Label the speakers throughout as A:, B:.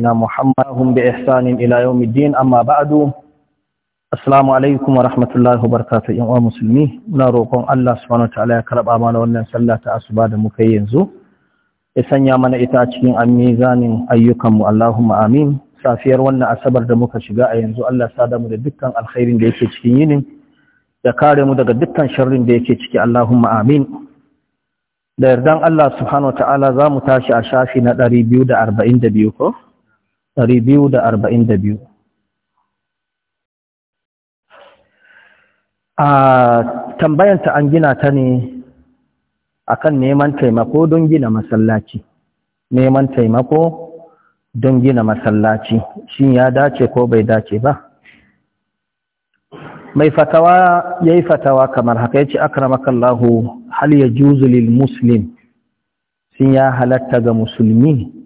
A: na Muhammadun bi ihsanin ila yawmid amma ba'du assalamu alaikum wa rahmatullahi wa barakatuh in uwa musulmi muna roƙon Allah subhanahu wa ta'ala ya karba mana wannan sallah ta asuba da muka yanzu ya sanya mana ita cikin amizanin ayyukan mu Allahumma amin safiyar wannan asabar da muka shiga a yanzu Allah ya sada mu da dukkan alkhairin da yake cikin yinin ya kare mu daga dukkan sharrin da yake ciki Allahumma amin da yardan Allah subhanahu wa ta'ala za mu tashi a shafi na 242 ko da 242 a tambayanta an gina ta ne akan neman taimako don gina masallaci neman taimako don gina masallaci shi ya dace ko bai dace ba mai fatawa ya yi fatawa kamar haka ya ce akramakallahu hal ya juzulil muslim sun ya halatta ga musulmi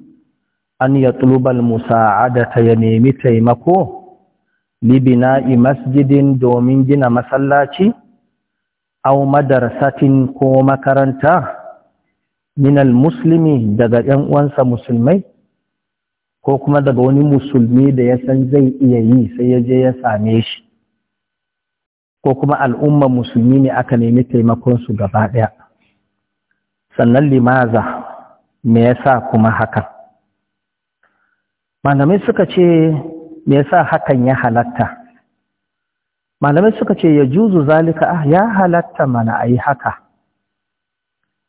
A: an ya tulubal musa'adata ya nemi taimako libina'i masjidin domin gina masallaci au satin ko makaranta minal musulmi daga ‘yan uwansa musulmai ko kuma daga wani musulmi da ya san zai iya yi sai ya je ya same shi ko kuma al'umma musulmi ne aka nemi taimakonsu gaba ɗaya sannan limaza me yasa kuma hakan malamai suka ce me yasa hakan ya halatta malamai suka ce ya juzu zalika ah ya halatta mana ayi haka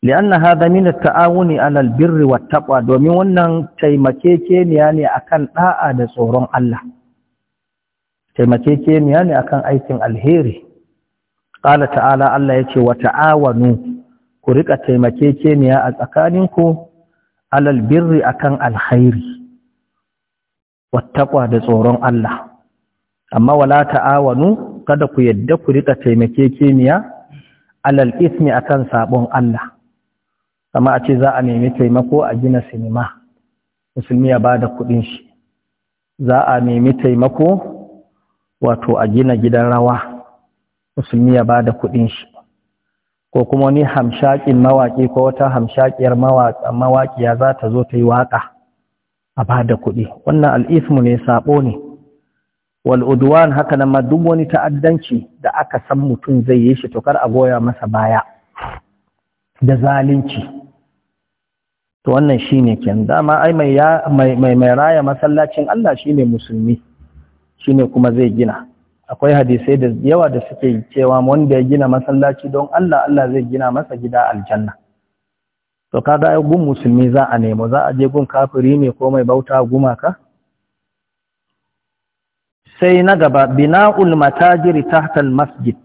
A: li'anna hada min at-ta'awuni 'ala al-birri wat-taqwa domin wannan taimakekeniya ne akan da'a da tsoron Allah taimakekeniya ne akan aikin alheri qala ta'ala Allah yace wa ta'awanu ku rika taimakekeniya a tsakaninku 'ala al-birri akan alkhairi wattaqwa da tsoron Allah amma wala ta'awanu kada ku yadda ku rika taimake kimiyya alal ismi akan sabon Allah kama a ce za a nemi taimako a gina sinima musulmi ya bada kudin shi za a nemi taimako wato a gina gidan rawa musulmi ya bada kudin shi ko kuma ni hamshakin mawaki ko wata hamshakiyar mawaƙiya za ta zo ta yi waƙa a ba da kuɗi wannan al'ismu ne saɓo ne wal'uduwan haka nan ma duk wani ta'addanci da aka san mutum zai yi shi tokar a goya masa baya da zalunci to wannan shi ne ken dama ai mai raya masallacin Allah shi ne musulmi shi ne kuma zai gina akwai hadisai da yawa da suke cewa wanda ya gina masallaci don Allah Allah zai gina masa gida aljanna to kaga gun musulmi za a nemo za a je gun kafiri ne ko mai bauta gumaka sai na gaba bina'ul matajiri tahtal masjid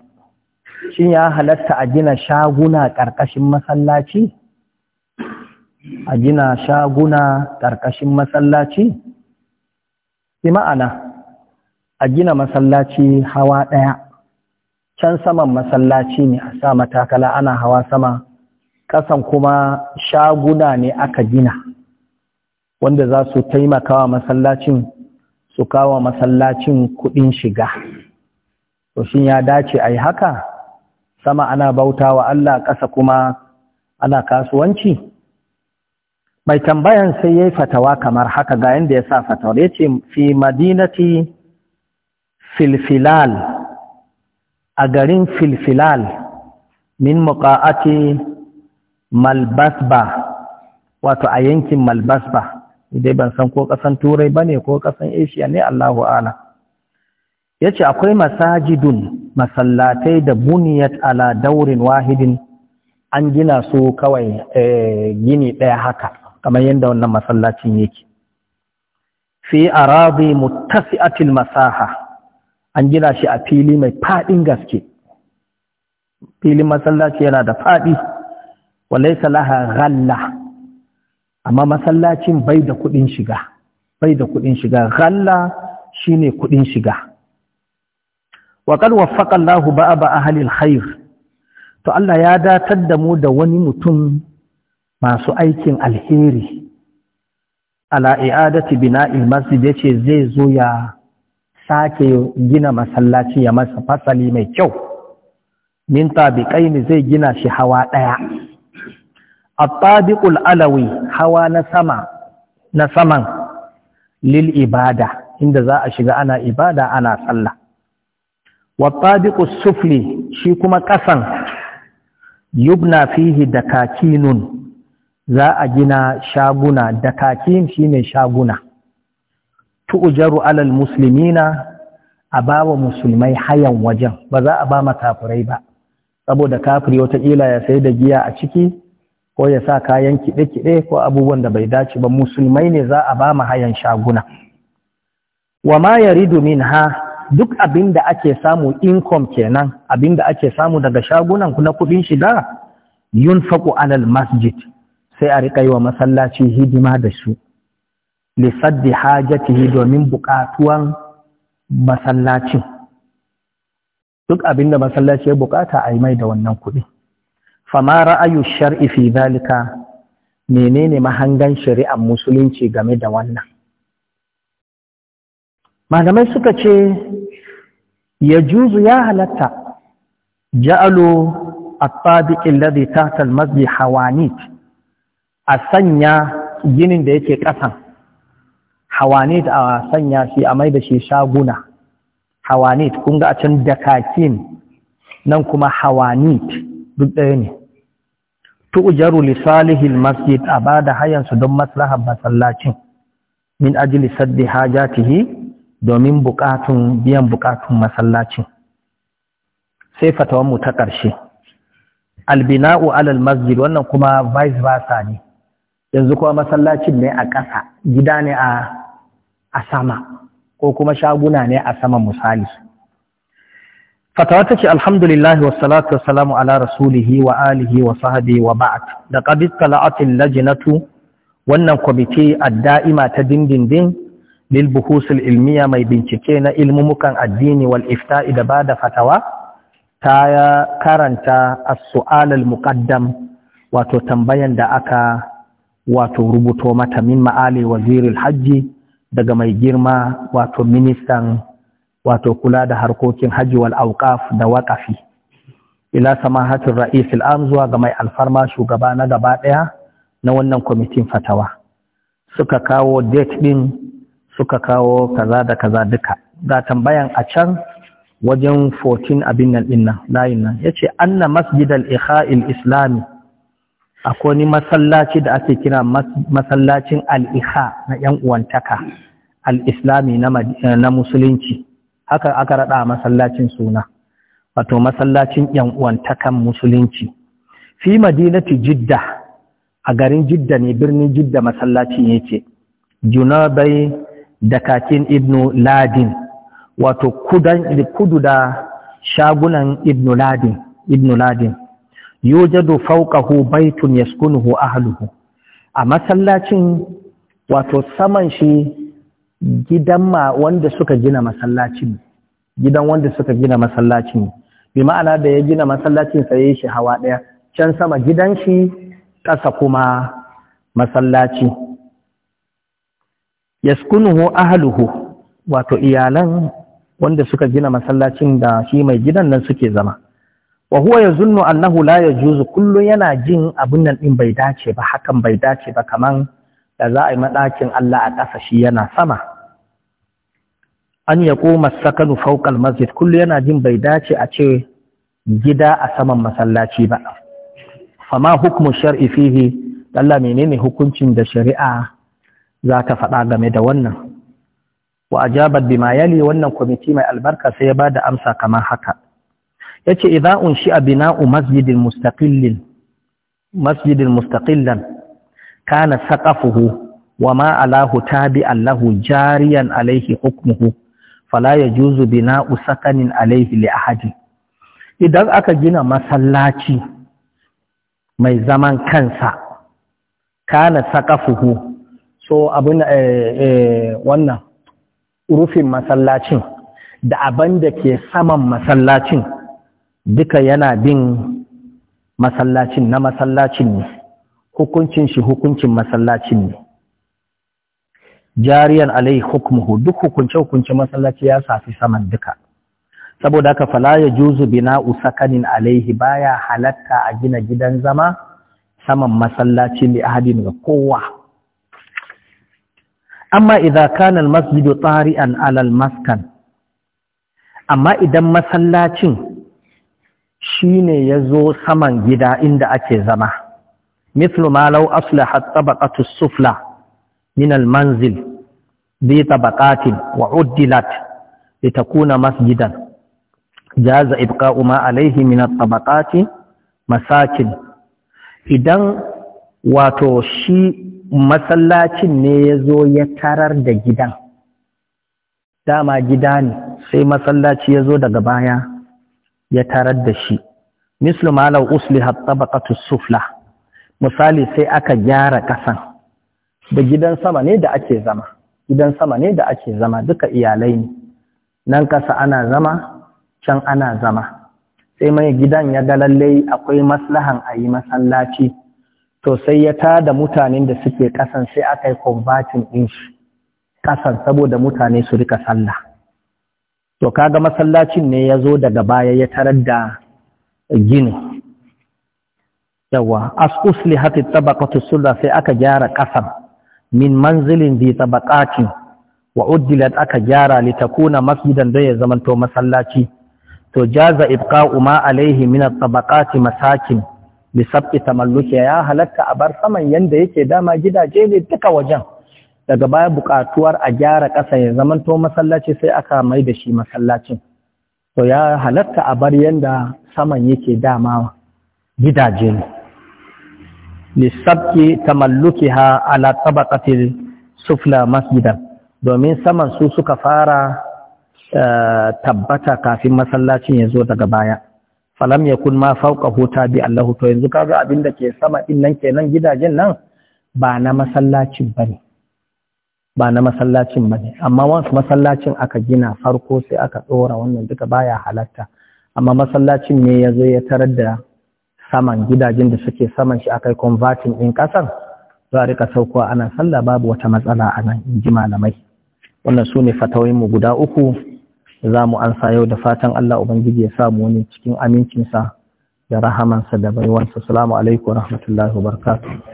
A: shin ya halatta a gina shaguna ƙarƙashin masallaci a gina shaguna karkashin masallaci bi ma'ana a gina masallaci hawa ɗaya can saman masallaci ne a sa matakala ana hawa sama ƙasan kuma shaguna ne aka gina wanda za su taimaka wa masallacin su kawo masallacin kuɗin shiga to shin ya dace a yi haka sama ana bauta wa Allah ƙasa kuma ana kasuwanci mai tambayan sai ya yi fatawa kamar haka ga yadda ya sa fatawar ya ce fi madinati filfilal a garin filfilal min muƙa'ati malbasba wato a yankin malbasba idai ban san ko kasan turai bane ko kasan asia ne Allahu ala yace akwai masajidun masallatai da buniyat ala daurin wahidin an gina su kawai eh, gini daya haka kamar yadda wannan masallacin yake fi aradi muttasi'atil masaha an gina shi a fili mai fadin gaske filin masallaci yana da fadi wallaisa laha ghalla amma masallacin bai da kuɗin shiga bai da kuɗin shiga ghalla shine kuɗin shiga wa qad waffaqa Allahu ba'aba ahli alkhair to Allah ya datar da mu da wani mutum masu aikin alheri ala i'adati bina'il masjid yace zai zo ya sake gina masallaci ya masa fasali mai kyau min tabiqaini zai gina shi hawa daya attabiqul alawi hawa na sama na saman lil ibada inda za a shiga ana ibada ana sallah wattabiqus sufli shi kuma kasan yubna fihi dakakinun za a gina shaguna dakakin shine shaguna tu'jaru alal muslimina a bawa musulmai hayan wajen ba za a ba kafurai ba saboda kafiri wataƙila ya sai da giya a ciki ko ya sa kayan kiɗe-kiɗe ko abubuwan da bai dace ba musulmai ne za a ba mu hayan shaguna wa ma min ha duk abin da ake samu income kenan abin da ake samu daga shagunan na kuɗin shiga yun faƙo alal masjid sai a riƙa yi wa masallaci hidima da su lissaddi hajatihi domin buƙatuwan masallacin duk abin da masallaci ya buƙata a yi mai da wannan kuɗi fama ra'ayu shar'i fi zalika menene mahangan shari'ar musulunci game da wannan malamai suka ce ya juzu ya halatta ja'alu at-tabiqi alladhi tahta al-masjid hawanit a sanya ginin da yake kasan, hawanit a sanya shi a mai da shi shaguna hawanit kun ga a can dakakin nan kuma hawanit duk ɗaya ne tu'jaru li salihil masjid a bada hayan su don maslahar masallacin min ajli saddi hajatihi domin bukatun biyan bukatun masallacin sai fatawan mu ta ƙarshe albina'u alal masjid wannan kuma vice versa ne yanzu kuma masallacin ne a ƙasa gida ne a sama ko kuma shaguna ne a sama misali fatawa ta ce alhamdulillahi wassalatu wassalamu ala rasulihi wa alihi wa sahabi wa ba'd da qad tala'atil lajnatu wannan kwamiti adda'ima ta dindindin lil buhusul ilmiya mai bincike na ilmumukan addini wal ifta'i da bada fatawa ta karanta as-su'al al-muqaddam wato tambayan da aka wato rubuto mata min ma'ali waziril hajji daga mai girma wato ministan wato kula da harkokin hajji wal auqaf da waƙafi ila samahatin ra'is al'am zuwa ga mai alfarma shugaba na gaba ɗaya na wannan kwamitin fatawa suka kawo date ɗin suka kawo kaza da kaza duka ga tambayan a can wajen 14 abin nan nan layin nan ya ce anna masjid al-ikha'il islami akwai ni masallaci da ake kira masallacin al-ikha na yan uwantaka al-islami na musulunci haka aka raɗa a masallacin suna wato masallacin yan uwantakan musulunci fi madinati jidda a garin jidda ne birnin jidda masallacin yake junabai da kakin ibnu ladin wato kudu da shagunan ibnu ladin ibnu ladin yujadu fawqahu baitun yaskunuhu ahluhu a masallacin wato saman shi gidan ma wanda suka gina masallacin gidan wanda suka gina masallacin bi ma'ana da ya gina masallacin sai shi hawa daya can sama gidan shi ƙasa kuma masallaci yaskunuhu ahluhu wato iyalan wanda suka gina masallacin da shi mai gidan nan suke zama wa huwa yazunnu annahu la yajuzu kullum yana jin abun nan din bai dace ba hakan bai dace ba kaman da za a yi maɗakin Allah a ƙasa shi yana sama an ya koma sakanu faukal masjid kullu yana jin bai dace a ce gida a saman masallaci ba fama hukumu shar'i fihi Allah menene hukuncin da shari'a za ta faɗa game da wannan wa ajabat bima yali wannan kwamiti mai albarka sai ya ba da amsa kamar haka yace idza unshi bina'u masjidin mustaqillin masjidin mustaqillan kana saqafuhu wa ma alahu tabi'an Allahu, jariyan alaihi hukmuhu fala ya yajuzu bina'u usakanin alaihi li ahadi idan aka gina masallaci mai zaman kansa kana saqafuhu so abin eh, eh, wannan rufin masallacin da abin da ke saman masallacin duka yana bin masallacin na masallacin ne hukuncin shi hukuncin masallacin ne jariyan alai hukmuhu duk hukunce hukunce masallaci ya safi saman duka saboda haka fala ya juzu bina'u sakanin alaihi baya halatta a gina gidan zama saman masallaci li ahadin ga kowa amma idza kana almasjidu tari'an ala almaskan amma idan masallacin shine yazo saman gida inda ake zama مثل ما لو أصلح الطبقة السفلى من المنزل ذي طبقات وعدلت لتكون مسجدا جاز إبقاء ما عليه من الطبقات مساكن إذن wato shi masallacin ne ya zo ya tarar da gidan dama gida ne sai masallaci ya zo daga baya ya tarar da shi mislu malau uslihat tabaqatu sufla misali sai aka gyara ƙasan da gidan sama ne da ake zama gidan sama ne da ake zama duka iyalai ne nan ƙasa ana zama can ana zama sai mai gidan ya ga lallai akwai maslahan a yi masallaci to sai ya tada mutanen da suke ƙasan sai aka yi converting ɗin shi ƙasan saboda mutane su rika sallah to kaga masallacin ne ya zo daga baya ya tarar da gini yawa as uslihatit tabaqatu sulla sai aka gyara ƙasan min manzilin bi tabaqatin wa uddilat aka gyara litakuna masjidan da ya zamanto masallaci to jaza ibqa'u ma alaihi min at-tabaqati masakin bi sabqi tamalluki ya halatta a bar saman yanda yake dama gidaje ne duka wajen daga baya bukatuwar a gyara ƙasa ya zamanto masallaci sai aka mai da shi masallacin to ya halatta a bar yanda saman yake dama gidaje ne lissabki ha ala tabaqatil sufla masjidan domin saman su suka fara tabbata kafin masallacin ya zo daga baya falam ya kun ma hota bi Allahu to yanzu kaga abin da ke sama din nan kenan gidajen nan ba na masallacin bane ba na masallacin ne amma wasu masallacin aka gina farko sai aka tsora wannan duka baya halatta amma masallacin ne yazo ya tarar da saman gidajen da suke saman shi akai converting din ƙasar za a rika saukowa ana sallah babu wata matsala a nan in ji malamai wannan su ne mu guda uku za mu ansa yau da fatan Allah Ubangiji ya sa mu wani cikin amincinsa da rahamansa da baiwansa salamu alaikum rahmatullahi wa barakatuh